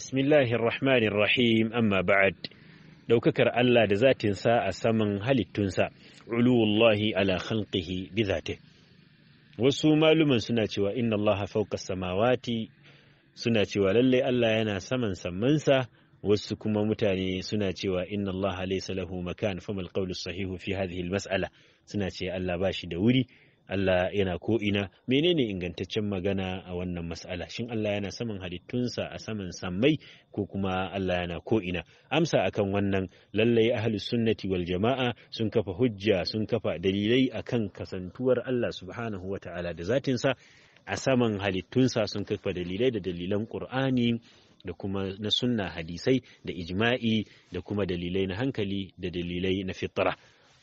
Bismillahir Rahmanir Rahim amma ba'ad daukakar Allah da zatinsa a saman halittunsa uluwullahi ala khalqihi bi zati wasu maluman suna cewa inna Allah fawqa samawati suna cewa lalle Allah yana saman sammansa wasu kuma mutane suna cewa inna Allah laysa lahu makan famal qawlu sahihu fi hadhihi al mas'ala suna ce Allah bashi da wuri Allah yana ko'ina menene ingantaccen magana a wannan mas'ala shin Allah yana saman halittunsa a saman sammai ko kuma Allah yana ko'ina amsa akan wannan lallai ahli sunnati wal jama'a sun kafa hujja sun kafa dalilai akan kasantuwar Allah subhanahu wa ta'ala da zatinsa a saman halittunsa sun kafa dalilai da dalilan Qur'ani da kuma na sunna hadisai da ijma'i da kuma dalilai na hankali da dalilai na fitra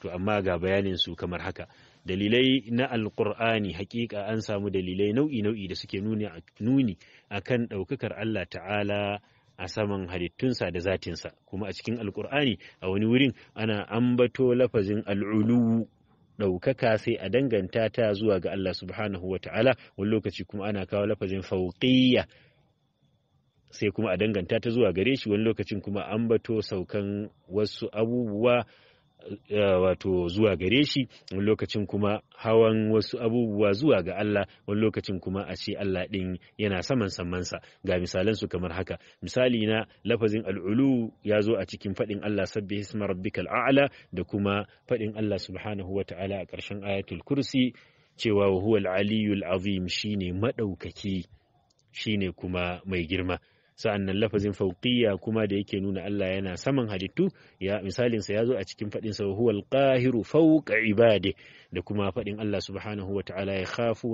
to amma ga bayaninsu kamar haka dalilai na alkur'ani hakika an samu dalilai nau'i nau'i da suke nuni a kan ɗaukakar Allah ta'ala a saman halittunsa da zatinsa kuma a cikin alkur'ani a wani wurin ana ambato lafazin al'ulu ɗaukaka sai a danganta ta zuwa ga Allah subhanahu wa ta'ala wani lokaci kuma ana kawo lafazin fauƙiyya sai kuma a danganta ta zuwa gare shi wani lokacin kuma ambato saukan wasu abubuwa wato zuwa gare shi wani lokacin kuma hawan wasu abubuwa zuwa ga Allah wani lokacin kuma a ce Allah ɗin yana saman samansa ga misalan kamar haka misali na lafazin al'ulu ya zo a cikin faɗin Allah sabbi hisma rabbikal a'la da kuma faɗin Allah subhanahu wa ta'ala a ƙarshen ayatul kursi cewa wa huwa al-aliyyul azim shine madaukaki shine kuma mai girma sa'annan lafazin fauqiyya kuma da yake nuna Allah yana saman halittu ya misalin sa yazo a cikin fadin sa huwal qahiru fawqa ibade da kuma fadin Allah subhanahu wa ta'ala ya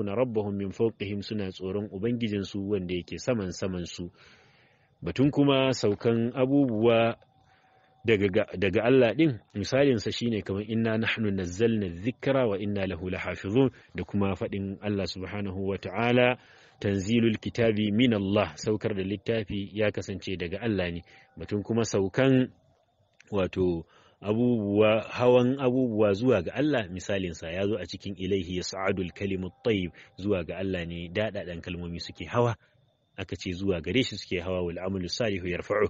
na rabbahum min fawqihim suna tsoron ubangijin wanda yake saman saman su batun kuma saukan abubuwa daga Allah din misalinsa shine kamar inna nahnu nazzalna dhikra wa inna lahu lahafizun da kuma fadin Allah subhanahu wa ta'ala tanzilul kitabi min Allah saukar da littafi ya kasance daga Allah ne batun kuma saukan wato abubuwa hawan abubuwa zuwa ga Allah misalinsa ya zo a cikin ilaihi yas'adul kalimut tayyib zuwa ga Allah ne dadadan kalmomi suke hawa aka ce zuwa gare shi suke hawa wal amalu salihu yarfa'u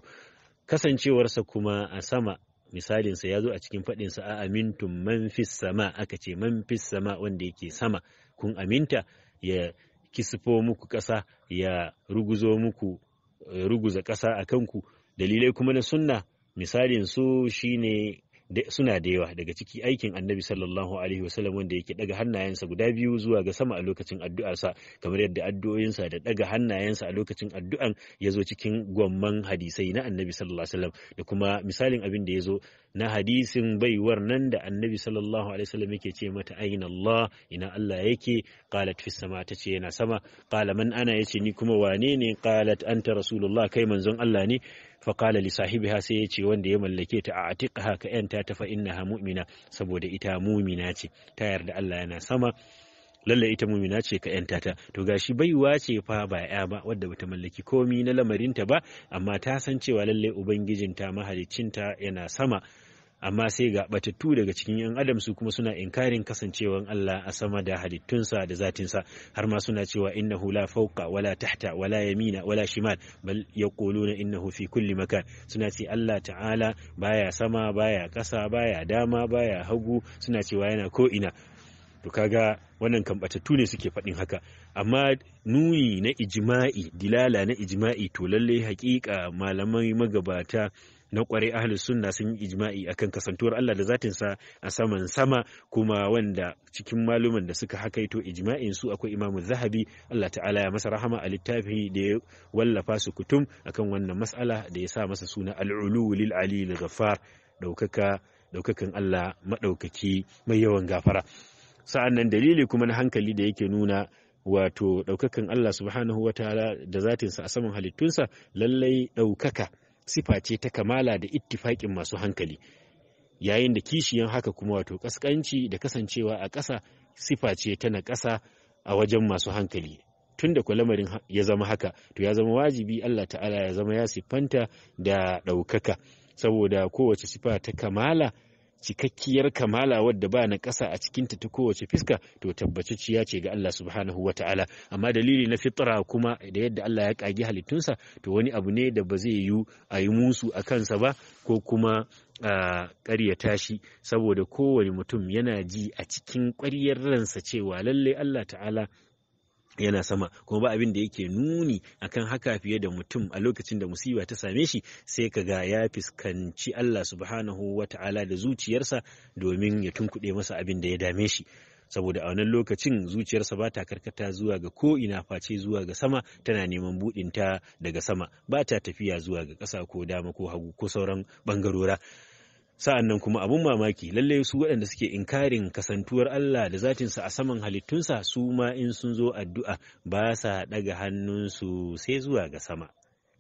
kasancewarsa kuma a sama misalinsa ya zo a cikin faɗinsa a amintun man sama aka ce man sama wanda yake sama kun aminta ya kisifo muku ƙasa ya ruguzo muku eh, ruguza ƙasa a kanku dalilai kuma na sunna misalin su shine suna da yawa daga ciki aikin annabi sallallahu alaihi wasallam wanda yake daga hannayensa guda biyu zuwa ga sama a lokacin addu'arsa kamar yadda addu'o'insa da daga hannayensa a lokacin addu'an ya zo cikin gwamman hadisai na annabi sallallahu alaihi wasallam da kuma misalin abin da ya zo na hadisin baiwar nan da annabi sallallahu alaihi wasallam yake ce mata aina Allah ina Allah yake qalat fis sama ce yana sama qala man ana yace ni kuma wane ne qalat anta rasulullah kai manzon Allah ne qala li sahibiha sai yace wanda ya mallake ta a atiqaha ka yanta ta fa innaha mu'mina saboda ita mu'mina ce ta yarda Allah yana sama lalle ita mu'mina ce ka yanta ta to gashi baiwa ce fa ba ya ba wadda bata mallaki komi na lamarin ta ba amma ta san cewa lalle ubangijinta mahalicinta yana sama amma sai ga batattu daga cikin 'yan adam su kuma suna inkarin kasancewan Allah a sama da halittunsa da zatinsa har ma suna cewa innahu la fauka wala tahta wala yamina wala shimal bal yaquluna innahu fi kulli makan suna ce Allah ta'ala baya sama baya kasa baya dama baya hagu suna cewa yana ko ina to kaga wannan batattu ne suke faɗin haka amma nuni na ijima'i dilala na ijima'i to lalle hakika malamai magabata na kwarai ahlus sunna sun yi ijma'i akan kasantuwar Allah da zatin sa a saman sama kuma wanda cikin maluman da suka hakaito ijma'in su akwai Imam Zahabi Allah ta'ala ya masa rahama a littafi da ya wallafa su kutum akan wannan mas'ala da ya sa masa suna al-ulu lil ali ghaffar daukaka daukakan Allah madaukaki mai yawan gafara sa'annan dalili kuma na hankali da yake nuna wato ɗaukakan Allah subhanahu wa ta'ala da zatinsa a saman halittunsa lallai ɗaukaka sifa ce ta kamala da ittifaƙin masu hankali yayin da kishiyan haka kuma wato ƙasƙanci da kasancewa a ƙasa sifa ce ta na ƙasa a wajen masu hankali tun da lamarin ya zama haka to ya zama wajibi Allah ta'ala ya zama ya siffanta da ɗaukaka saboda kowace sifa ta kamala cikakkiyar kamala wadda ba na ƙasa a cikinta ta kowace fiska to tabbatacciya ce ga Allah subhanahu wa ta'ala amma dalili na fitra kuma da yadda Allah ya kage halittunsa to wani abu ne da ba zai yiwu a yi musu a kansa ba ko kuma a ƙaryata shi saboda kowane mutum yana ji a cikin ƙwaryar ransa cewa lallai Allah ta'ala yana sama kuma ba abin da yake nuni akan haka fiye da mutum a lokacin da musiba ta same shi sai ka ga ya fuskanci Allah subhanahu wa ta'ala da zuciyarsa domin ya tunkuɗe masa abin da ya dame shi saboda a wannan lokacin zuciyarsa ba ta karkata zuwa ga ko ina face zuwa ga sama tana neman budinta daga sama ba ta tafiya zuwa ga ƙasa ko dama ko hagu ko sauran bangarora. sa'an nan kuma abun mamaki lalle su waɗanda suke inkarin kasantuwar Allah da zatinsa a saman halittunsa su ma in sun zo addu'a ba sa ɗaga hannunsu sai zuwa ga sama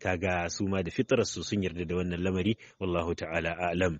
kaga su ma da fitararsu sun yarda da wannan lamari wallahu ta'ala a'lam